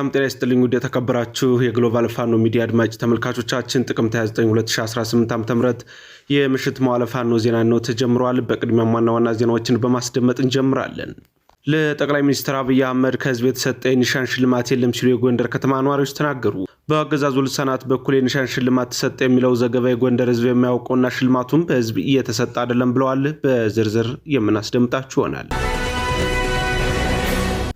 ሰላም ጤና ይስጥልኝ። ውድ የተከበራችሁ የግሎባል ፋኖ ሚዲያ አድማጭ ተመልካቾቻችን ጥቅምት 29 2018 ዓ የምሽት መዋለ ፋኖ ዜና ነው ተጀምረዋል። በቅድሚያም ዋና ዋና ዜናዎችን በማስደመጥ እንጀምራለን። ለጠቅላይ ሚኒስትር አብይ አህመድ ከህዝብ የተሰጠ የኒሻን ሽልማት የለም ሲሉ የጎንደር ከተማ ነዋሪዎች ተናገሩ። በአገዛዙ ልሳናት በኩል የኒሻን ሽልማት ተሰጠ የሚለው ዘገባ የጎንደር ህዝብ የሚያውቀውና ሽልማቱም በህዝብ እየተሰጠ አይደለም ብለዋል። በዝርዝር የምናስደምጣችሁ ይሆናል።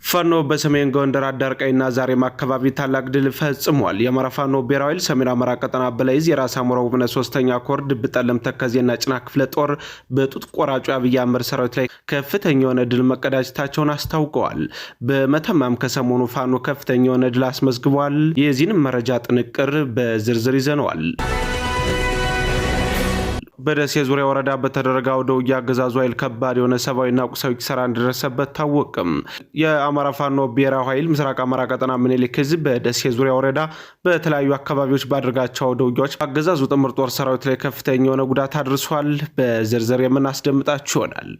ፋኖ በሰሜን ጎንደር ቀይና ዛሬም አካባቢ ታላቅ ድል ፈጽሟል። የአማራ ፋኖ ብሔራዊ ኃይል ሰሜን አማራ ቀጠና በላይዝ የራስ አሞራ ውብነ ሶስተኛ ኮር ድብጠለም ተከዜና ጭና ክፍለ ጦር በጡት ቆራጩ አብይ አህመድ ሰራዊት ላይ ከፍተኛ የሆነ ድል መቀዳጀታቸውን አስታውቀዋል። በመተማም ከሰሞኑ ፋኖ ከፍተኛ የሆነ ድል አስመዝግቧል። የዚህንም መረጃ ጥንቅር በዝርዝር ይዘነዋል። በደሴ ዙሪያ ወረዳ በተደረገ አውደ ውጊያ አገዛዙ ኃይል ከባድ የሆነ ሰብአዊና ቁሳዊ ኪሳራ እንደደረሰበት ታወቅም። የአማራ ፋኖ ብሔራዊ ኃይል ምስራቅ አማራ ቀጠና ምኒልክ ዕዝ በደሴ ዙሪያ ወረዳ በተለያዩ አካባቢዎች ባደረጋቸው አውደ ውጊያዎች አገዛዙ ጥምር ጦር ሰራዊት ላይ ከፍተኛ የሆነ ጉዳት አድርሷል። በዝርዝር የምናስደምጣችሁ ይሆናል።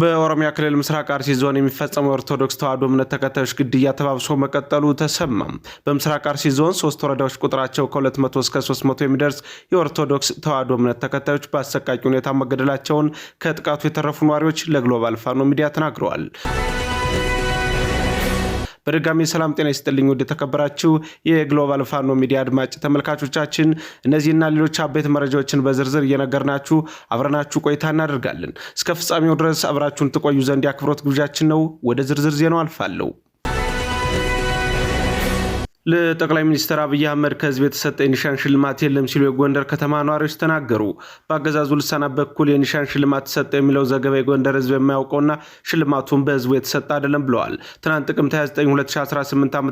በኦሮሚያ ክልል ምስራቅ አርሲ ዞን የሚፈጸመው የኦርቶዶክስ ተዋሕዶ እምነት ተከታዮች ግድያ ተባብሶ መቀጠሉ ተሰማ። በምስራቅ አርሲ ዞን ሶስት ወረዳዎች ቁጥራቸው ከ200 እስከ 300 የሚደርስ የኦርቶዶክስ ተዋሕዶ እምነት ተከታዮች በአሰቃቂ ሁኔታ መገደላቸውን ከጥቃቱ የተረፉ ነዋሪዎች ለግሎባል ፋኖ ሚዲያ ተናግረዋል። በድጋሚ ሰላም ጤና ይስጥልኝ። ውድ የተከበራችሁ የግሎባል ፋኖ ሚዲያ አድማጭ ተመልካቾቻችን እነዚህና ሌሎች አበይት መረጃዎችን በዝርዝር እየነገርናችሁ አብረናችሁ ቆይታ እናደርጋለን። እስከ ፍጻሜው ድረስ አብራችሁን ትቆዩ ዘንድ የአክብሮት ግብዣችን ነው። ወደ ዝርዝር ዜናው አልፋለሁ። ለጠቅላይ ሚኒስትር አብይ አህመድ ከህዝብ የተሰጠ የኒሻን ሽልማት የለም ሲሉ የጎንደር ከተማ ነዋሪዎች ተናገሩ። በአገዛዙ ልሳና በኩል የኒሻን ሽልማት ተሰጠ የሚለው ዘገባ የጎንደር ህዝብ የማያውቀውና ሽልማቱን በህዝቡ የተሰጠ አይደለም ብለዋል። ትናንት ጥቅምት 29 2018 ዓ ም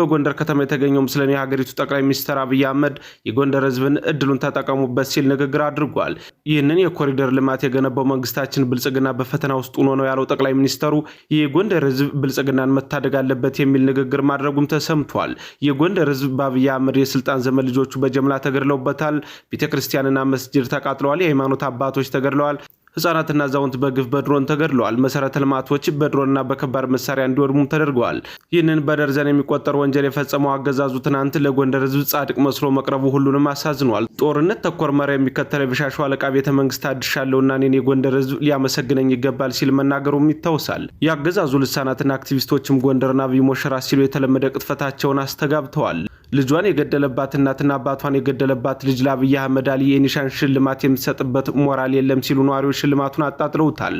በጎንደር ከተማ የተገኘው ምስለን የሀገሪቱ ጠቅላይ ሚኒስትር አብይ አህመድ የጎንደር ህዝብን እድሉን ተጠቀሙበት ሲል ንግግር አድርጓል። ይህንን የኮሪደር ልማት የገነባው መንግስታችን ብልጽግና በፈተና ውስጥ ሆኖ ነው ያለው ጠቅላይ ሚኒስተሩ የጎንደር ህዝብ ብልጽግናን መታደግ አለበት የሚል ንግግር ማድረጉም ተሰምቷል። የጎንደር ህዝብ በአብይ አህመድ የስልጣን ዘመን ልጆቹ በጀምላ ተገድለውበታል። ቤተክርስቲያንና መስጅድ ተቃጥለዋል። የሃይማኖት አባቶች ተገድለዋል። ህጻናትና አዛውንት በግፍ በድሮን ተገድለዋል። መሰረተ ልማቶች በድሮንና በከባድ መሳሪያ እንዲወድሙም ተደርገዋል። ይህንን በደርዘን የሚቆጠር ወንጀል የፈጸመው አገዛዙ ትናንት ለጎንደር ህዝብ ጻድቅ መስሎ መቅረቡ ሁሉንም አሳዝኗል። ጦርነት ተኮር መሪያ የሚከተለው የበሻሹ አለቃ ቤተ መንግስት አድሻለሁና እኔን የጎንደር ህዝብ ሊያመሰግነኝ ይገባል ሲል መናገሩም ይታወሳል። የአገዛዙ ልሳናትና አክቲቪስቶችም ጎንደርና ቢሞሸራ ሲሉ የተለመደ ቅጥፈታቸውን አስተጋብተዋል። ልጇን የገደለባት እናትና አባቷን የገደለባት ልጅ ለአብይ አህመድ አሊ የኒሻን ሽልማት የምትሰጥበት ሞራል የለም ሲሉ ነዋሪዎች ሽልማቱን አጣጥለውታል።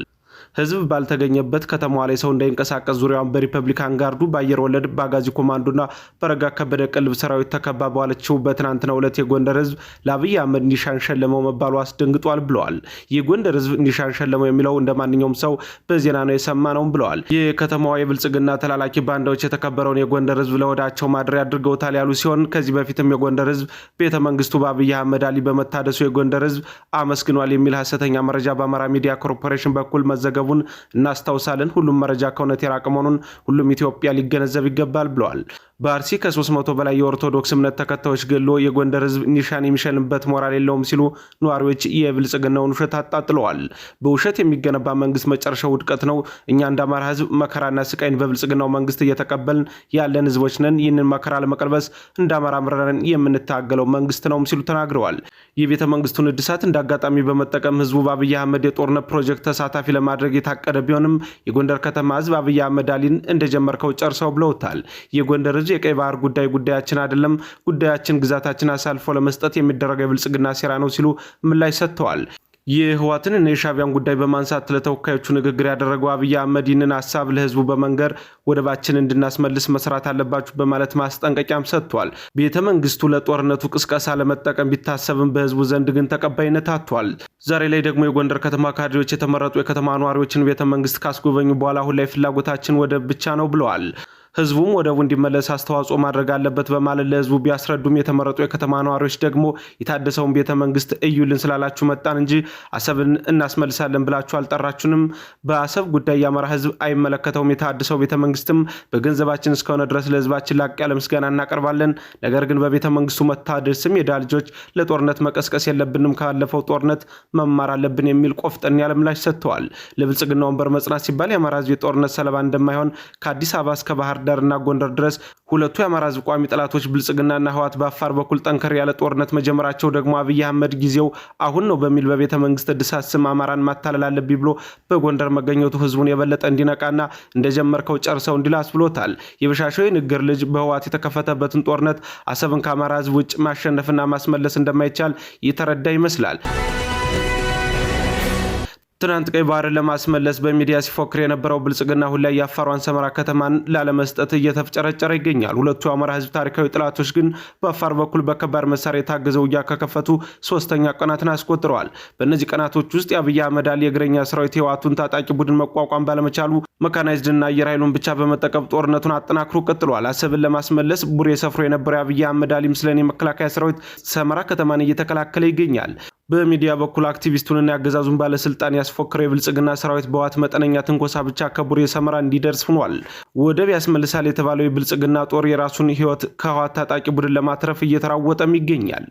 ህዝብ ባልተገኘበት ከተማዋ ላይ ሰው እንዳይንቀሳቀስ ዙሪያውን በሪፐብሊካን ጋርዱ በአየር ወለድ በአጋዚ ኮማንዶና በረጋ ከበደ ቅልብ ሰራዊት ተከባ በዋለችው በትናንትናው ዕለት የጎንደር ህዝብ ለአብይ አህመድ ኒሻን ሸለመው መባሉ አስደንግጧል ብለዋል። የጎንደር ህዝብ ኒሻን ሸለመው የሚለው እንደ ማንኛውም ሰው በዜና ነው የሰማ ነው ብለዋል። የከተማዋ የብልጽግና ተላላኪ ባንዳዎች የተከበረውን የጎንደር ህዝብ ለወዳቸው ማድሪያ አድርገውታል ያሉ ሲሆን ከዚህ በፊትም የጎንደር ህዝብ ቤተ መንግስቱ በአብይ አህመድ አሊ በመታደሱ የጎንደር ህዝብ አመስግኗል የሚል ሀሰተኛ መረጃ በአማራ ሚዲያ ኮርፖሬሽን በኩል መዘገቡ መቅረቡን እናስታውሳለን። ሁሉም መረጃ ከእውነት የራቀ መሆኑን ሁሉም ኢትዮጵያ ሊገነዘብ ይገባል ብለዋል። በአርሲ ከ300 በላይ የኦርቶዶክስ እምነት ተከታዮች ገሎ የጎንደር ህዝብ ኒሻን የሚሸልምበት ሞራል የለውም ሲሉ ነዋሪዎች የብልጽግናውን ውሸት አጣጥለዋል። በውሸት የሚገነባ መንግስት መጨረሻው ውድቀት ነው። እኛ እንደ አማራ ህዝብ መከራና ስቃይን በብልጽግናው መንግስት እየተቀበልን ያለን ህዝቦች ነን። ይህንን መከራ ለመቀልበስ እንደ አማራ ምረረን የምንታገለው መንግስት ነውም ሲሉ ተናግረዋል። የቤተ መንግስቱን እድሳት እንደ አጋጣሚ በመጠቀም ህዝቡ በአብይ አህመድ የጦርነት ፕሮጀክት ተሳታፊ ለማድረግ የታቀደ ቢሆንም የጎንደር ከተማ ህዝብ አብይ አህመድ አሊን እንደጀመርከው ጨርሰው ብለውታል። የጎንደር እንጂ የቀይ ባህር ጉዳይ ጉዳያችን አይደለም፣ ጉዳያችን ግዛታችን አሳልፎ ለመስጠት የሚደረገው የብልጽግና ሴራ ነው ሲሉ ምላሽ ሰጥተዋል። የህዋትን የሻቢያን ጉዳይ በማንሳት ለተወካዮቹ ንግግር ያደረገው አብይ አህመድ ይህንን ሀሳብ ለህዝቡ በመንገር ወደባችን እንድናስመልስ መስራት አለባችሁ በማለት ማስጠንቀቂያም ሰጥቷል። ቤተ መንግስቱ ለጦርነቱ ቅስቀሳ ለመጠቀም ቢታሰብም በህዝቡ ዘንድ ግን ተቀባይነት አጥቷል። ዛሬ ላይ ደግሞ የጎንደር ከተማ ካድሬዎች የተመረጡ የከተማ ነዋሪዎችን ቤተ መንግስት ካስጎበኙ በኋላ አሁን ላይ ፍላጎታችን ወደብ ብቻ ነው ብለዋል። ህዝቡም ወደቡ እንዲመለስ አስተዋጽኦ ማድረግ አለበት በማለት ለህዝቡ ቢያስረዱም የተመረጡ የከተማ ነዋሪዎች ደግሞ የታደሰውን ቤተ መንግስት እዩልን ስላላችሁ መጣን እንጂ አሰብን እናስመልሳለን ብላችሁ አልጠራችሁንም። በአሰብ ጉዳይ የአማራ ህዝብ አይመለከተውም። የታደሰው ቤተ መንግስትም በገንዘባችን እስከሆነ ድረስ ለህዝባችን ላቅ ያለ ምስጋና እናቀርባለን። ነገር ግን በቤተ መንግስቱ መታደስ ስም የዳ ልጆች ለጦርነት መቀስቀስ የለብንም፣ ካለፈው ጦርነት መማር አለብን የሚል ቆፍጠን ያለ ምላሽ ሰጥተዋል። ለብልጽግና ወንበር መጽናት ሲባል የአማራ ህዝብ የጦርነት ሰለባ እንደማይሆን ከአዲስ አበባ እስከ ባህር ዳርና ጎንደር ድረስ ሁለቱ የአማራ ህዝብ ቋሚ ጠላቶች ብልጽግናና ህዋት በአፋር በኩል ጠንከር ያለ ጦርነት መጀመራቸው ደግሞ አብይ አህመድ ጊዜው አሁን ነው በሚል በቤተ መንግስት እድሳት ስም አማራን ማታለል አለብኝ ብሎ በጎንደር መገኘቱ ህዝቡን የበለጠ እንዲነቃና እንደጀመርከው ጨርሰው እንዲላስ ብሎታል። የበሻሻው ንግር ልጅ በህዋት የተከፈተበትን ጦርነት አሰብን ከአማራ ህዝብ ውጭ ማሸነፍና ማስመለስ እንደማይቻል የተረዳ ይመስላል። ትናንት ቀይ ባህርን ለማስመለስ በሚዲያ ሲፎክር የነበረው ብልጽግና አሁን ላይ የአፋሯን ሰመራ ከተማን ላለመስጠት እየተፍጨረጨረ ይገኛል። ሁለቱ የአማራ ሕዝብ ታሪካዊ ጥላቶች ግን በአፋር በኩል በከባድ መሳሪያ የታገዘ ውጊያ ከከፈቱ ሶስተኛ ቀናትን አስቆጥረዋል። በእነዚህ ቀናቶች ውስጥ የአብይ አህመድ አሊ የእግረኛ ሰራዊት ህወሓቱን ታጣቂ ቡድን መቋቋም ባለመቻሉ መካናይዝድና አየር ኃይሉን ብቻ በመጠቀም ጦርነቱን አጠናክሮ ቀጥሏል። አሰብን ለማስመለስ ቡሬ ሰፍሮ የነበረው አብይ አህመድ አሊ ምስለን የመከላከያ ሰራዊት ሰመራ ከተማን እየተከላከለ ይገኛል። በሚዲያ በኩል አክቲቪስቱንና የአገዛዙን ባለስልጣን ያስፎክረው የብልጽግና ሰራዊት በዋት መጠነኛ ትንኮሳ ብቻ ከቡሬ ሰመራ እንዲደርስ ሆኗል። ወደብ ያስመልሳል የተባለው የብልጽግና ጦር የራሱን ህይወት ከህዋት ታጣቂ ቡድን ለማትረፍ እየተራወጠም ይገኛል።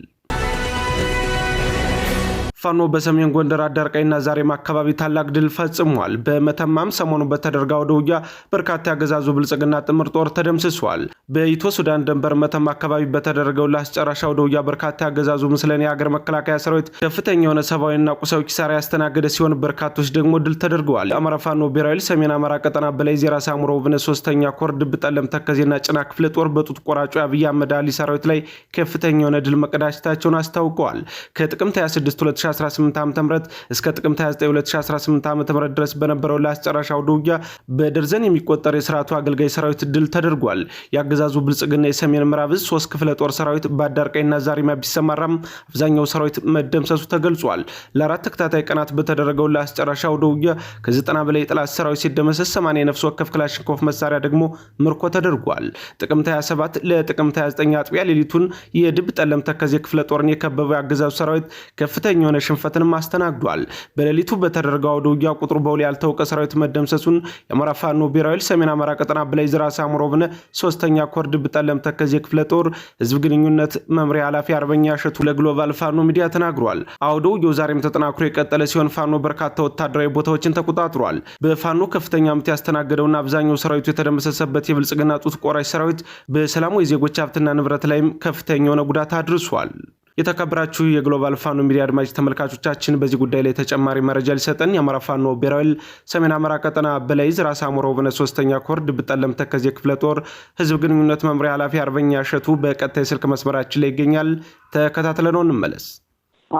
ፋኖ በሰሜን ጎንደር አዳርቀይና ዛሬም አካባቢ ታላቅ ድል ፈጽሟል። በመተማም ሰሞኑ በተደርጋ ወደ ውጊያ በርካታ ያገዛዙ ብልጽግና ጥምር ጦር ተደምስሷል። በኢትዮ ሱዳን ድንበር መተማ አካባቢ በተደረገው ለአስጨራሻ ወደ ውጊያ በርካታ ያገዛዙ ምስለን የሀገር መከላከያ ሰራዊት ከፍተኛ የሆነ ሰብአዊና ቁሳዊ ኪሳራ ያስተናገደ ሲሆን በርካቶች ደግሞ ድል ተደርገዋል። የአማራ ፋኖ ብሔራዊ ሰሜን አማራ ቀጠና በላይ ዜራ ሳሙሮ ውብነ ሶስተኛ ኮር ድብጠለም ተከዜና ጭና ክፍለ ጦር በጡት ቆራጩ የአብይ አህመድ አሊ ሰራዊት ላይ ከፍተኛ የሆነ ድል መቀዳጀታቸውን አስታውቀዋል። ከጥቅምት 26 2018 ዓ ም እስከ ጥቅምት 29 2018 ዓ ም ድረስ በነበረው ለአስጨራሽ አውደ ውጊያ በደርዘን የሚቆጠር የስርዓቱ አገልጋይ ሰራዊት ድል ተደርጓል። የአገዛዙ ብልጽግና የሰሜን ምዕራብ ዕዝ ሶስት ክፍለ ጦር ሰራዊት በአዳርቀይና ዛሪማ ቢሰማራም አብዛኛው ሰራዊት መደምሰሱ ተገልጿል። ለአራት ተከታታይ ቀናት በተደረገው ለአስጨራሽ አውደ ውጊያ ከ90 በላይ የጠላት ሰራዊት ሲደመሰስ 80 የነፍስ ወከፍ ክላሽንኮፍ መሳሪያ ደግሞ ምርኮ ተደርጓል። ጥቅምት 27 ለጥቅምት 29 አጥቢያ ሌሊቱን የድብ ጠለም ተከዜ ክፍለ ጦርን የከበበው የአገዛዙ ሰራዊት ከፍተኛ የሆነ ሽንፈትንም አስተናግዷል። በሌሊቱ በተደረገው አውደ ውጊያ ቁጥሩ በውል ያልታወቀ ሰራዊት መደምሰሱን የአማራ ፋኖ ብሔራዊ ሰሜን አማራ ቀጠና ብላይ ዝራ ሳምሮብነ ሶስተኛ ኮርድ ብጠለም ተከዜ ክፍለ ጦር ህዝብ ግንኙነት መምሪያ ኃላፊ አርበኛ እሸቱ ለግሎባል ፋኖ ሚዲያ ተናግሯል። አውደ ውጊያው ዛሬም ተጠናክሮ የቀጠለ ሲሆን ፋኖ በርካታ ወታደራዊ ቦታዎችን ተቆጣጥሯል። በፋኖ ከፍተኛ ምት ያስተናገደውና አብዛኛው ሰራዊቱ የተደመሰሰበት የብልጽግና ጡት ቆራሽ ሰራዊት በሰላሙ የዜጎች ሀብትና ንብረት ላይም ከፍተኛ የሆነ ጉዳት አድርሷል። የተከብራችሁ የግሎባል ፋኖ ሚዲያ አድማጭ ተመልካቾቻችን በዚህ ጉዳይ ላይ ተጨማሪ መረጃ ሊሰጠን የአማራ ፋኖ ብሔራዊ ሰሜን አማራ ቀጠና በላይዝ ራስ አሞረ ውብነ ሶስተኛ ኮርድ ድብጠ ለምተ ክፍለ ጦር ህዝብ ግንኙነት መምሪያ ኃላፊ አርበኛ እሸቱ በቀጥታ ስልክ መስመራችን ላይ ይገኛል። ተከታትለነው እንመለስ።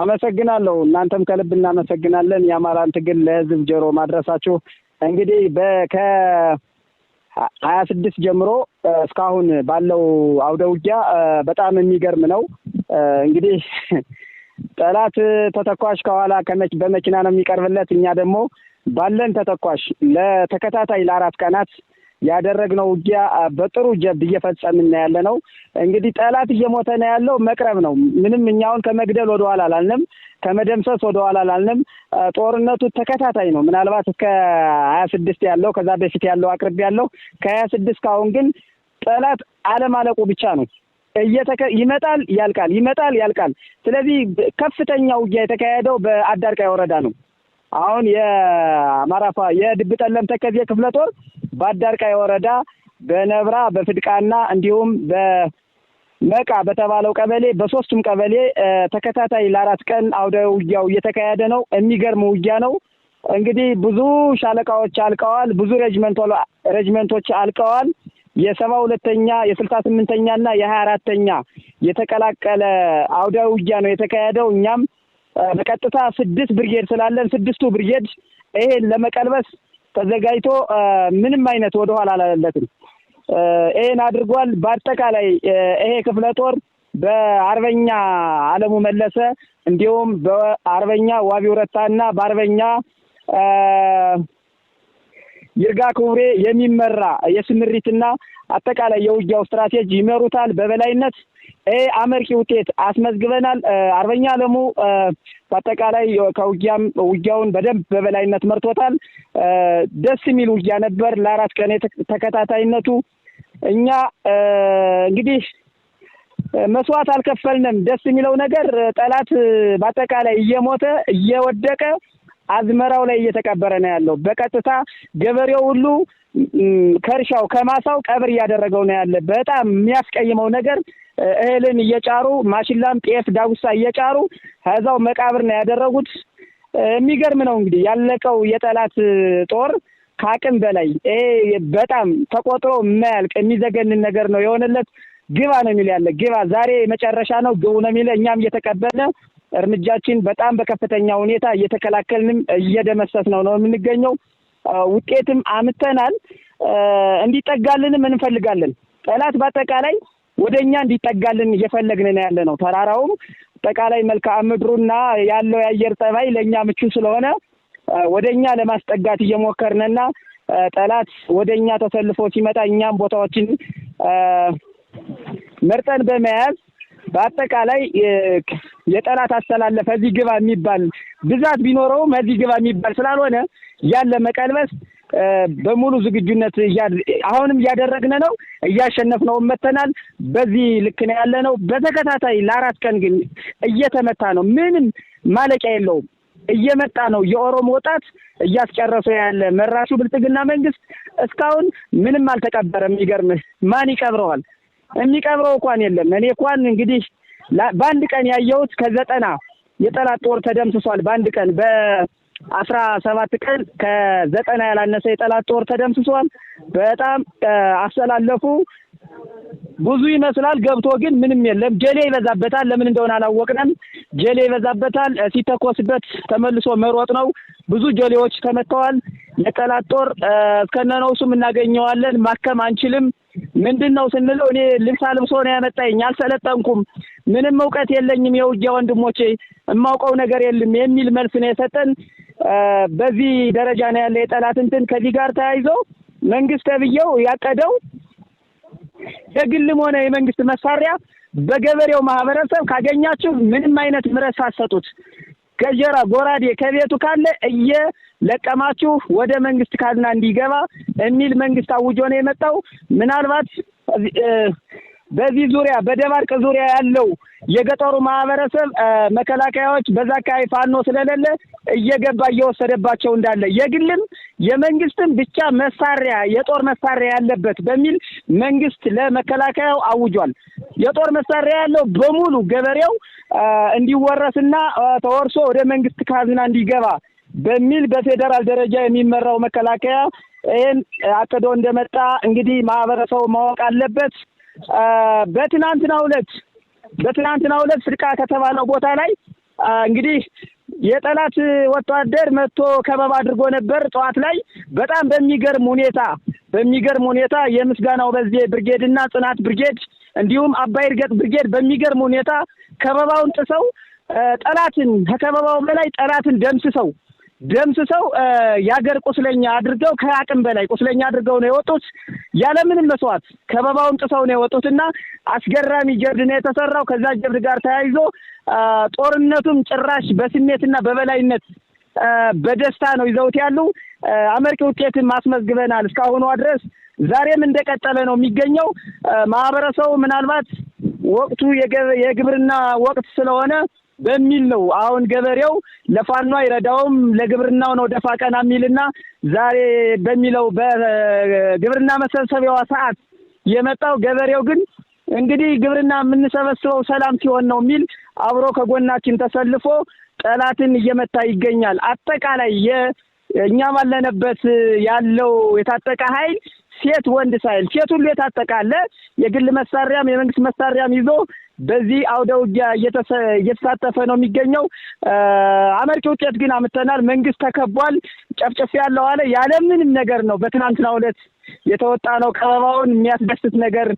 አመሰግናለሁ። እናንተም ከልብ እናመሰግናለን። የአማራን ትግል ለህዝብ ጆሮ ማድረሳችሁ እንግዲህ ከ ሀያ ስድስት ጀምሮ እስካሁን ባለው አውደ ውጊያ በጣም የሚገርም ነው። እንግዲህ ጠላት ተተኳሽ ከኋላ በመኪና ነው የሚቀርብለት። እኛ ደግሞ ባለን ተተኳሽ ለተከታታይ ለአራት ቀናት ያደረግነው ውጊያ በጥሩ ጀብድ እየፈጸምን ያለ ነው። እንግዲህ ጠላት እየሞተ ነው ያለው። መቅረብ ነው ምንም። እኛውን ከመግደል ወደኋላ አላልንም፣ ከመደምሰስ ወደኋላ አላልንም። ጦርነቱ ተከታታይ ነው። ምናልባት እስከ ሀያ ስድስት ያለው ከዛ በፊት ያለው አቅርቤ ያለው ከሀያ ስድስት ካሁን ግን ጠላት አለማለቁ ብቻ ነው። እየተከ ይመጣል ያልቃል፣ ይመጣል ያልቃል። ስለዚህ ከፍተኛ ውጊያ የተካሄደው በአዳርቃይ ወረዳ ነው። አሁን የአማራፋ የድብጠለም ተከዜ ክፍለ ጦር በአዳርቃይ ወረዳ በነብራ በፍድቃና እንዲሁም በመቃ በተባለው ቀበሌ በሶስቱም ቀበሌ ተከታታይ ለአራት ቀን አውደ ውጊያው እየተካሄደ ነው። የሚገርም ውጊያ ነው። እንግዲህ ብዙ ሻለቃዎች አልቀዋል። ብዙ ሬጅመንቶች አልቀዋል። የሰባ ሁለተኛ የስልሳ ስምንተኛ እና የሀያ አራተኛ የተቀላቀለ አውዳዊ ውጊያ ነው የተካሄደው። እኛም በቀጥታ ስድስት ብርጌድ ስላለን ስድስቱ ብርጌድ ይሄን ለመቀልበስ ተዘጋጅቶ ምንም አይነት ወደኋላ አላለለትም። ይሄን አድርጓል። በአጠቃላይ ይሄ ክፍለ ጦር በአርበኛ አለሙ መለሰ እንዲሁም በአርበኛ ዋቢ ውረታና በአርበኛ ይርጋ ክቡሬ የሚመራ የስምሪትና አጠቃላይ የውጊያው ስትራቴጂ ይመሩታል። በበላይነት አመርቂ ውጤት አስመዝግበናል። አርበኛ አለሙ በአጠቃላይ ከውጊያም ውጊያውን በደንብ በበላይነት መርቶታል። ደስ የሚል ውጊያ ነበር። ለአራት ቀን ተከታታይነቱ እኛ እንግዲህ መስዋዕት አልከፈልንም። ደስ የሚለው ነገር ጠላት በአጠቃላይ እየሞተ እየወደቀ አዝመራው ላይ እየተቀበረ ነው ያለው። በቀጥታ ገበሬው ሁሉ ከእርሻው ከማሳው ቀብር እያደረገው ነው ያለ። በጣም የሚያስቀይመው ነገር እህልን እየጫሩ ማሽላም፣ ጤፍ፣ ዳጉሳ እየጫሩ ከዛው መቃብር ነው ያደረጉት። የሚገርም ነው እንግዲህ ያለቀው የጠላት ጦር ከአቅም በላይ በጣም ተቆጥሮ የማያልቅ የሚዘገንን ነገር ነው የሆነለት። ግባ ነው የሚል ያለ ግባ ዛሬ መጨረሻ ነው ግቡ ነው የሚለ እኛም እየተቀበለ እርምጃችን በጣም በከፍተኛ ሁኔታ እየተከላከልንም እየደመሰስ ነው ነው የምንገኘው። ውጤትም አምተናል። እንዲጠጋልንም እንፈልጋለን። ጠላት በአጠቃላይ ወደ እኛ እንዲጠጋልን እየፈለግን ነው ያለ ነው። ተራራውም አጠቃላይ መልክዓ ምድሩና ያለው የአየር ጠባይ ለእኛ ምቹ ስለሆነ ወደ እኛ ለማስጠጋት እየሞከርንና ጠላት ወደ እኛ ተሰልፎ ሲመጣ እኛም ቦታዎችን መርጠን በመያዝ በአጠቃላይ የጠላት አስተላለፈ እዚህ ግባ የሚባል ብዛት ቢኖረውም እዚህ ግባ የሚባል ስላልሆነ ያን ለመቀልበስ በሙሉ ዝግጁነት አሁንም እያደረግን ነው። እያሸነፍነው መተናል። በዚህ ልክ ነው ያለ ነው። በተከታታይ ለአራት ቀን ግን እየተመታ ነው። ምንም ማለቂያ የለውም። እየመጣ ነው። የኦሮሞ ወጣት እያስጨረሰ ያለ መራሹ ብልጽግና መንግስት እስካሁን ምንም አልተቀበረም። የሚገርምህ ማን ይቀብረዋል? የሚቀብረው እንኳን የለም። እኔ እንኳን እንግዲህ በአንድ ቀን ያየሁት ከዘጠና የጠላት ጦር ተደምስሷል። በአንድ ቀን በአስራ ሰባት ቀን ከዘጠና ያላነሰ የጠላት ጦር ተደምስሷል። በጣም አሰላለፉ ብዙ ይመስላል። ገብቶ ግን ምንም የለም። ጀሌ ይበዛበታል። ለምን እንደሆነ አላወቅንም። ጀሌ ይበዛበታል። ሲተኮስበት ተመልሶ መሮጥ ነው። ብዙ ጀሌዎች ተመተዋል። ለጠላት ጦር ከነነውሱም እናገኘዋለን፣ ማከም አንችልም። ምንድን ነው ስንለው እኔ ልብስ አልብሶ ነው ያመጣኝ፣ አልሰለጠንኩም፣ ምንም እውቀት የለኝም፣ የውጊያ ወንድሞቼ የማውቀው ነገር የለም የሚል መልስ ነው የሰጠን። በዚህ ደረጃ ነው ያለ የጠላት እንትን። ከዚህ ጋር ተያይዞ መንግስት ተብዬው ያቀደው የግልም ሆነ የመንግስት መሳሪያ በገበሬው ማህበረሰብ ካገኛችሁ ምንም አይነት ምረት ሳትሰጡት ከጀራ ጎራዴ ከቤቱ ካለ እየለቀማችሁ ወደ መንግስት ካዝና እንዲገባ የሚል መንግስት አውጆ ነው የመጣው። ምናልባት በዚህ ዙሪያ በደባርቅ ዙሪያ ያለው የገጠሩ ማህበረሰብ መከላከያዎች በዛ አካባቢ ፋኖ ስለሌለ እየገባ እየወሰደባቸው እንዳለ የግልም የመንግስትም ብቻ መሳሪያ የጦር መሳሪያ ያለበት በሚል መንግስት ለመከላከያው አውጇል። የጦር መሳሪያ ያለው በሙሉ ገበሬው እንዲወረስና ተወርሶ ወደ መንግስት ካዝና እንዲገባ በሚል በፌዴራል ደረጃ የሚመራው መከላከያ ይህን አቅዶ እንደመጣ እንግዲህ ማህበረሰቡ ማወቅ አለበት። በትናንትና ዕለት በትናንትና ዕለት ስድቃ ከተባለው ቦታ ላይ እንግዲህ የጠላት ወታደር መጥቶ ከበባ አድርጎ ነበር። ጠዋት ላይ በጣም በሚገርም ሁኔታ በሚገርም ሁኔታ የምስጋናው በዚህ ብርጌድና ጽናት ብርጌድ እንዲሁም አባይ እርገጥ ብርጌድ በሚገርም ሁኔታ ከበባውን ጥሰው ጠላትን ከከበባው በላይ ጠላትን ደምስሰው ደምስሰው የሀገር ቁስለኛ አድርገው ከአቅም በላይ ቁስለኛ አድርገው ነው የወጡት። ያለምንም መስዋዕት ከበባውን ጥሰው ነው የወጡትና አስገራሚ ጀብድ ነው የተሰራው። ከዛ ጀብድ ጋር ተያይዞ ጦርነቱም ጭራሽ በስሜትና በበላይነት በደስታ ነው ይዘውት ያሉ። አመርቂ ውጤትን ማስመዝግበናል። እስካሁኗ ድረስ ዛሬም እንደቀጠለ ነው የሚገኘው። ማህበረሰቡ ምናልባት ወቅቱ የግብርና ወቅት ስለሆነ በሚል ነው አሁን ገበሬው ለፋኖ አይረዳውም ለግብርናው ነው ደፋ ቀና የሚልና ዛሬ በሚለው በግብርና መሰብሰቢያዋ ሰዓት የመጣው ገበሬው ግን እንግዲህ ግብርና የምንሰበስበው ሰላም ሲሆን ነው የሚል አብሮ ከጎናችን ተሰልፎ ጠላትን እየመታ ይገኛል። አጠቃላይ እኛም አለንበት ያለው የታጠቀ ኃይል ሴት ወንድ ሳይል ሴት ሁሉ የታጠቀ አለ። የግል መሳሪያም የመንግስት መሳሪያም ይዞ በዚህ አውደ ውጊያ እየተሳተፈ ነው የሚገኘው። አመርቂ ውጤት ግን አምተናል። መንግስት ተከቧል። ጨፍጨፍ ያለው አለ ያለምንም ነገር ነው። በትናንትናው ዕለት የተወጣ ነው። ከበባውን የሚያስደስት ነገር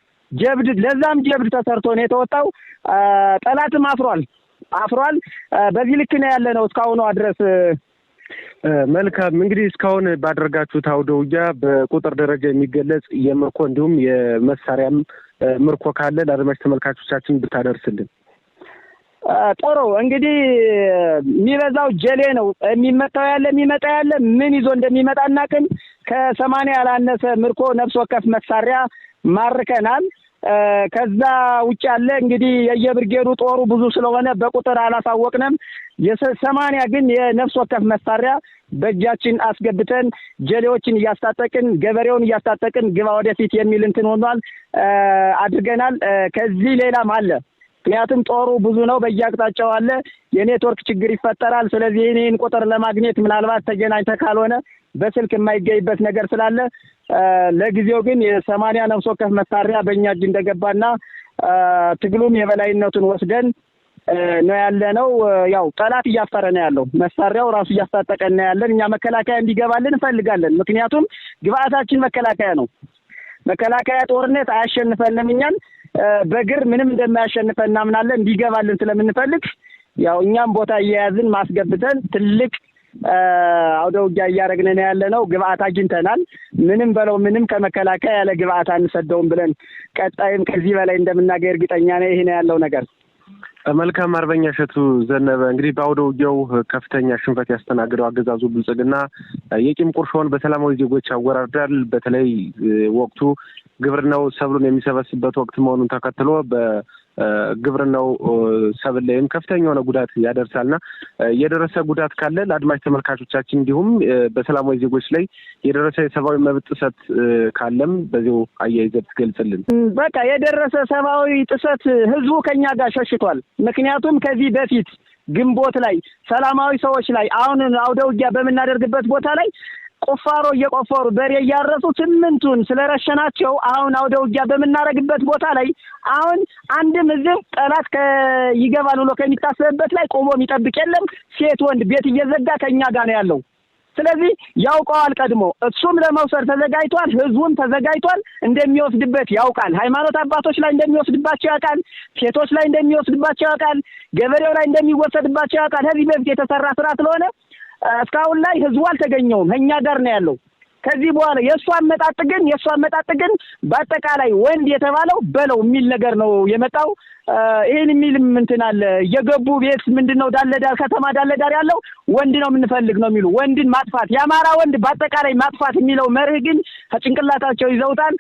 ጀብድ፣ ለዛም ጀብድ ተሰርቶ ነው የተወጣው። ጠላትም አፍሯል አፍሯል። በዚህ ልክ ነው ያለ ነው እስካሁኗ ድረስ መልካም እንግዲህ እስካሁን ባደረጋችሁት አውደ ውጊያ በቁጥር ደረጃ የሚገለጽ የምርኮ እንዲሁም የመሳሪያም ምርኮ ካለ ለአድማጭ ተመልካቾቻችን ብታደርስልን። ጥሩ እንግዲህ የሚበዛው ጀሌ ነው የሚመጣው ያለ የሚመጣ ያለ ምን ይዞ እንደሚመጣ እናቅን ከሰማኒያ ያላነሰ ምርኮ ነፍስ ወከፍ መሳሪያ ማርከናል። ከዛ ውጭ ያለ እንግዲህ የየብርጌዱ ጦሩ ብዙ ስለሆነ በቁጥር አላሳወቅንም። የሰማንያ ግን የነፍስ ወከፍ መሳሪያ በእጃችን አስገብተን ጀሌዎችን እያስታጠቅን ገበሬውን እያስታጠቅን ግባ ወደፊት የሚል እንትን ሆኗል አድርገናል። ከዚህ ሌላም አለ። ምክንያቱም ጦሩ ብዙ ነው፣ በየአቅጣጫው አለ። የኔትወርክ ችግር ይፈጠራል። ስለዚህ ይህን ቁጥር ለማግኘት ምናልባት ተገናኝተ ካልሆነ በስልክ የማይገኝበት ነገር ስላለ ለጊዜው ግን የሰማንያ ነፍስ ወከፍ መሳሪያ በእኛ እጅ እንደገባና ትግሉም የበላይነቱን ወስደን ነው ያለ ነው። ያው ጠላት እያፈረ ነው ያለው። መሳሪያው ራሱ እያስታጠቀ ነው ያለን። እኛ መከላከያ እንዲገባልን እንፈልጋለን። ምክንያቱም ግብአታችን መከላከያ ነው። መከላከያ ጦርነት አያሸንፈንም። እኛን በግር ምንም እንደማያሸንፈን እናምናለን። እንዲገባልን ስለምንፈልግ ያው እኛም ቦታ እየያዝን ማስገብተን ትልቅ አውደ ውጊያ እያደረግን ነው ያለ ነው። ግብአት አግኝተናል። ምንም በለው ምንም ከመከላከያ ያለ ግብአት አንሰደውም ብለን ቀጣይም ከዚህ በላይ እንደምናገኝ እርግጠኛ ነው። ይሄ ነው ያለው ነገር። መልካም አርበኛ እሸቱ ዘነበ፣ እንግዲህ በአውደ ውጊያው ከፍተኛ ሽንፈት ያስተናግደው አገዛዙ ብልጽግና የቂም ቁርሾውን በሰላማዊ ዜጎች ያወራርዳል። በተለይ ወቅቱ ግብርናው ሰብሉን የሚሰበስበት ወቅት መሆኑን ተከትሎ ግብርናው ሰብል ላይም ከፍተኛ የሆነ ጉዳት ያደርሳልና የደረሰ ጉዳት ካለ ለአድማጭ ተመልካቾቻችን እንዲሁም በሰላማዊ ዜጎች ላይ የደረሰ የሰብአዊ መብት ጥሰት ካለም በዚው አያይዘት ገልጽልን። በቃ የደረሰ ሰብአዊ ጥሰት ህዝቡ ከኛ ጋር ሸሽቷል። ምክንያቱም ከዚህ በፊት ግንቦት ላይ ሰላማዊ ሰዎች ላይ አሁን አውደ ውጊያ በምናደርግበት ቦታ ላይ ቁፋሮ እየቆፈሩ በሬ እያረሱ ስምንቱን ስለረሸናቸው አሁን አውደ ውጊያ በምናደርግበት ቦታ ላይ አሁን አንድም ህዝብ ጠላት ይገባል ብሎ ከሚታሰብበት ላይ ቆሞ የሚጠብቅ የለም። ሴት ወንድ ቤት እየዘጋ ከእኛ ጋር ነው ያለው። ስለዚህ ያውቀዋል ቀድሞ እሱም ለመውሰድ ተዘጋጅቷል። ህዝቡም ተዘጋጅቷል። እንደሚወስድበት ያውቃል። ሃይማኖት አባቶች ላይ እንደሚወስድባቸው ያውቃል። ሴቶች ላይ እንደሚወስድባቸው ያውቃል። ገበሬው ላይ እንደሚወሰድባቸው ያውቃል። ከዚህ በፊት የተሰራ ስራ ስለሆነ እስካሁን ላይ ህዝቡ አልተገኘውም፣ እኛ ጋር ነው ያለው። ከዚህ በኋላ የእሱ አመጣጥ ግን የእሱ አመጣጥ ግን በአጠቃላይ ወንድ የተባለው በለው የሚል ነገር ነው የመጣው። ይህን የሚል ምንትን አለ። የገቡ ቤት ምንድን ነው ዳለዳር ከተማ ዳለዳር ያለው ወንድ ነው የምንፈልግ ነው የሚሉ ወንድን ማጥፋት የአማራ ወንድ በአጠቃላይ ማጥፋት የሚለው መርህ ግን ከጭንቅላታቸው ይዘውታል።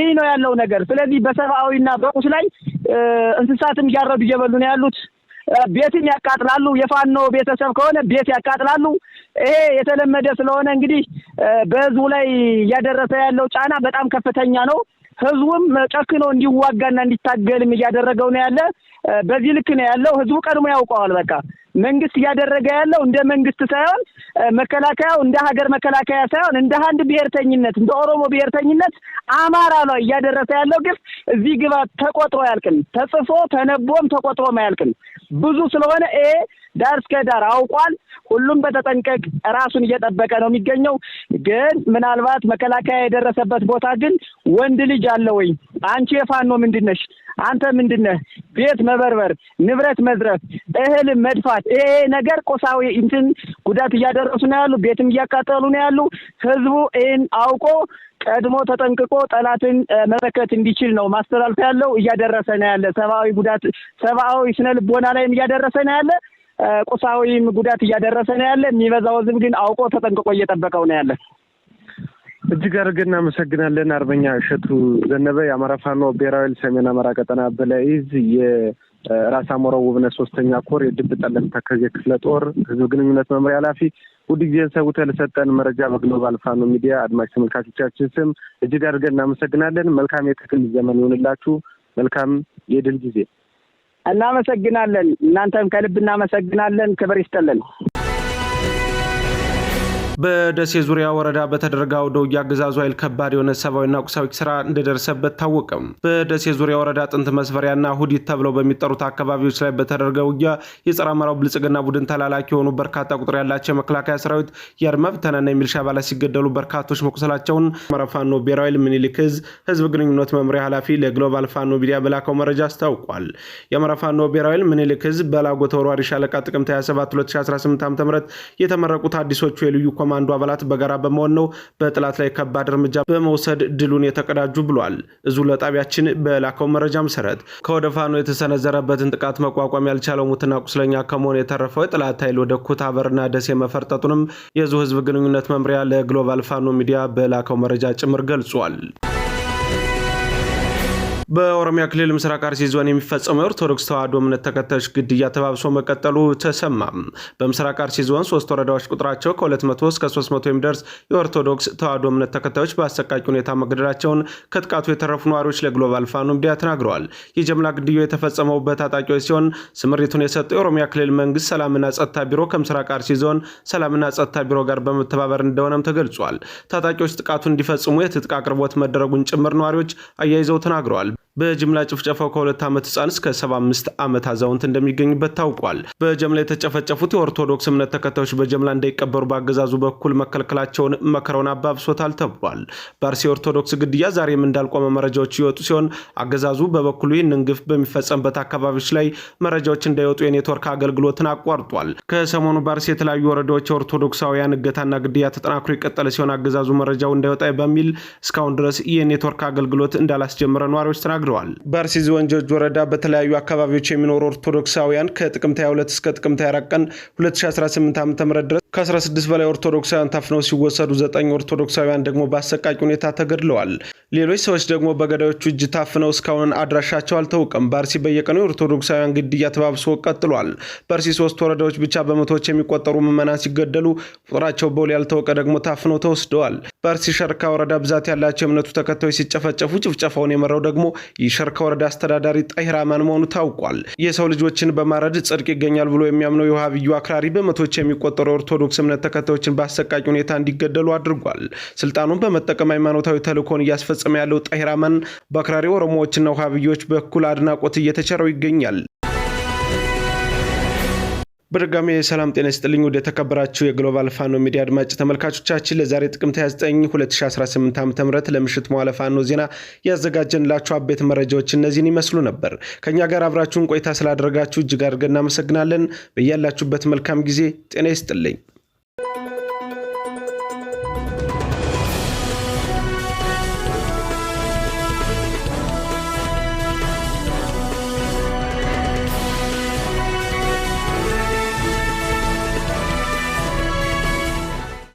ይህ ነው ያለው ነገር። ስለዚህ በሰብአዊና በቁስ ላይ እንስሳትም እያረዱ እየበሉ ነው ያሉት። ቤትም ያቃጥላሉ። የፋኖ ቤተሰብ ከሆነ ቤት ያቃጥላሉ። ይሄ የተለመደ ስለሆነ እንግዲህ በህዝቡ ላይ እያደረሰ ያለው ጫና በጣም ከፍተኛ ነው። ህዝቡም ጨክኖ እንዲዋጋና እንዲታገልም እያደረገው ነው ያለ። በዚህ ልክ ነው ያለው። ህዝቡ ቀድሞ ያውቀዋል። በቃ መንግስት እያደረገ ያለው እንደ መንግስት ሳይሆን መከላከያው እንደ ሀገር መከላከያ ሳይሆን እንደ አንድ ብሔርተኝነት፣ እንደ ኦሮሞ ብሔርተኝነት አማራ ላይ እያደረሰ ያለው ግፍ። እዚህ ግባ ተቆጥሮ አያልቅም፣ ተጽፎ ተነቦም ተቆጥሮም አያልቅም። ብዙ ስለሆነ ይሄ ዳር እስከ ዳር አውቋል። ሁሉም በተጠንቀቅ ራሱን እየጠበቀ ነው የሚገኘው። ግን ምናልባት መከላከያ የደረሰበት ቦታ ግን ወንድ ልጅ አለ ወይ? አንቺ የፋኖ ምንድን ነሽ? አንተ ምንድን ነህ? ቤት መበርበር፣ ንብረት መዝረፍ፣ እህል መድፋት፣ ይሄ ነገር ቁሳዊ እንትን ጉዳት እያደረሱ ነው ያሉ፣ ቤትም እያቃጠሉ ነው ያሉ። ህዝቡ ይህን አውቆ ቀድሞ ተጠንቅቆ ጠላትን መመከት እንዲችል ነው ማስተላልፍ ያለው። እያደረሰ ነው ያለ ሰብአዊ ጉዳት ሰብአዊ ስነ ልቦና ላይም እያደረሰ ነው ያለ፣ ቁሳዊም ጉዳት እያደረሰ ነው ያለ። የሚበዛው ህዝብ ግን አውቆ ተጠንቅቆ እየጠበቀው ነው ያለ። እጅግ አድርገን እናመሰግናለን። አርበኛ እሸቱ ዘነበ የአማራ ፋኖ ብሔራዊ ሰሜን አማራ ቀጠና በላይዝ የራስ አሞራው ውብነት ሶስተኛ ኮር የድብ ጠለም ተከዜ ክፍለ ጦር ህዝብ ግንኙነት መምሪያ ኃላፊ ውድ ጊዜ ሰውተ ለሰጠን መረጃ በግሎባል ፋኖ ሚዲያ አድማጭ ተመልካቾቻችን ስም እጅግ አድርገን እናመሰግናለን። መልካም የትክል ዘመን ይሆንላችሁ። መልካም የድል ጊዜ። እናመሰግናለን። እናንተም ከልብ እናመሰግናለን። ክብር ይስጠለን። በደሴ ዙሪያ ወረዳ በተደረገ አውደ ውጊያ አገዛዙ ኃይል ከባድ የሆነ ሰብአዊና ቁሳዊ ኪሳራ እንደደረሰበት ታወቀ። በደሴ ዙሪያ ወረዳ ጥንት መስፈሪያና ሁዲት ተብለው በሚጠሩት አካባቢዎች ላይ በተደረገ ውጊያ የጸረ አማራው ብልጽግና ቡድን ተላላኪ የሆኑ በርካታ ቁጥር ያላቸው የመከላከያ ሰራዊት የአድማ ብተናና የሚልሻ አባላት ሲገደሉ በርካቶች መቁሰላቸውን አማራ ፋኖ ብሔራዊ ምኒልክ ህዝብ ግንኙነት መምሪያ ኃላፊ ለግሎባል ፋኖ ሚዲያ በላከው መረጃ አስታውቋል። የአማራ ፋኖ ብሔራዊ ምኒልክ ዕዝ በላጎ ተወርዋሪ ሻለቃ ጥቅምት 27 2018 ዓ ም የተመረቁት አዲሶቹ የልዩ የኮማንዶ አባላት በጋራ በመሆን ነው በጥላት ላይ ከባድ እርምጃ በመውሰድ ድሉን የተቀዳጁ ብሏል። እዙ ለጣቢያችን በላከው መረጃ መሰረት ከወደ ፋኖ የተሰነዘረበትን ጥቃት መቋቋም ያልቻለው ሙትና ቁስለኛ ከመሆን የተረፈው የጥላት ኃይል ወደ ኩታበርና ደሴ መፈርጠጡንም የዙ ህዝብ ግንኙነት መምሪያ ለግሎባል ፋኖ ሚዲያ በላከው መረጃ ጭምር ገልጿል። በኦሮሚያ ክልል ምስራቅ አርሲ ዞን የሚፈጸመው የኦርቶዶክስ ተዋህዶ እምነት ተከታዮች ግድያ ተባብሶ መቀጠሉ ተሰማ። በምስራቅ አርሲ ዞን ሶስት ወረዳዎች ቁጥራቸው ከ200 እስከ 300 የሚደርስ የኦርቶዶክስ ተዋህዶ እምነት ተከታዮች በአሰቃቂ ሁኔታ መገደላቸውን ከጥቃቱ የተረፉ ነዋሪዎች ለግሎባል ፋኖ ሚዲያ ተናግረዋል። የጀምላ ግድያው የተፈጸመው በታጣቂዎች ሲሆን ስምሪቱን የሰጠው የኦሮሚያ ክልል መንግስት ሰላምና ጸጥታ ቢሮ ከምስራቅ አርሲ ዞን ሰላምና ጸጥታ ቢሮ ጋር በመተባበር እንደሆነም ተገልጿል። ታጣቂዎች ጥቃቱን እንዲፈጽሙ የትጥቅ አቅርቦት መደረጉን ጭምር ነዋሪዎች አያይዘው ተናግረዋል። በጅምላ ጭፍጨፋው ከሁለት ዓመት ህፃን እስከ 75 ዓመት አዛውንት እንደሚገኝበት ታውቋል። በጀምላ የተጨፈጨፉት የኦርቶዶክስ እምነት ተከታዮች በጀምላ እንዳይቀበሩ በአገዛዙ በኩል መከልከላቸውን መከራውን አባብሶታል ተብሏል። በአርሲ ኦርቶዶክስ ግድያ ዛሬም እንዳልቆመ መረጃዎች ይወጡ ሲሆን አገዛዙ በበኩሉ ይህንን ግፍ በሚፈጸምበት አካባቢዎች ላይ መረጃዎች እንዳይወጡ የኔትወርክ አገልግሎትን አቋርጧል። ከሰሞኑ ባርሲ የተለያዩ ወረዳዎች የኦርቶዶክሳውያን እገታና ግድያ ተጠናክሮ የቀጠለ ሲሆን አገዛዙ መረጃው እንዳይወጣ በሚል እስካሁን ድረስ የኔትወርክ አገልግሎት እንዳላስጀመረ ነዋሪዎች ተናግረዋል። ተናግረዋል። በአርሲ ዞን ጀጅ ወረዳ በተለያዩ አካባቢዎች የሚኖሩ ኦርቶዶክሳውያን ከጥቅምት 22 እስከ ጥቅምት 24 ቀን 2018 ዓ ም ድረስ ከ16 በላይ ኦርቶዶክሳውያን ታፍነው ሲወሰዱ ዘጠኝ ኦርቶዶክሳውያን ደግሞ በአሰቃቂ ሁኔታ ተገድለዋል። ሌሎች ሰዎች ደግሞ በገዳዮቹ እጅ ታፍነው እስካሁን አድራሻቸው አልታወቀም። በአርሲ በየቀኑ የኦርቶዶክሳውያን ግድያ ተባብሶ ቀጥሏል። በአርሲ ሶስት ወረዳዎች ብቻ በመቶዎች የሚቆጠሩ ምዕመናን ሲገደሉ፣ ቁጥራቸው በውል ያልታወቀ ደግሞ ታፍነው ተወስደዋል። በአርሲ ሸርካ ወረዳ ብዛት ያላቸው የእምነቱ ተከታዮች ሲጨፈጨፉ፣ ጭፍጨፋውን የመራው ደግሞ የሸርካ ወረዳ አስተዳዳሪ ጣሂር አማን መሆኑ ታውቋል። የሰው ልጆችን በማረድ ጽድቅ ይገኛል ብሎ የሚያምነው የውሃብዩ አክራሪ በመቶዎች የሚቆጠሩ ኦርቶ የኦርቶዶክስ እምነት ተከታዮችን በአሰቃቂ ሁኔታ እንዲገደሉ አድርጓል። ስልጣኑን በመጠቀም ሃይማኖታዊ ተልእኮን እያስፈጸመ ያለው ጣሂር በአክራሪ ኦሮሞዎችና ውሃብዮች በኩል አድናቆት እየተቸረው ይገኛል። በድጋሚ የሰላም ጤና ይስጥልኝ። ወደ ተከበራችሁ የግሎባል ፋኖ ሚዲያ አድማጭ ተመልካቾቻችን ለዛሬ ጥቅምት 29 2018 ዓ.ም ለምሽት መዋለ ፋኖ ዜና ያዘጋጀንላችሁ አቤት መረጃዎች እነዚህን ይመስሉ ነበር። ከእኛ ጋር አብራችሁን ቆይታ ስላደረጋችሁ እጅግ አድርገን እናመሰግናለን። በያላችሁበት መልካም ጊዜ ጤና ይስጥልኝ።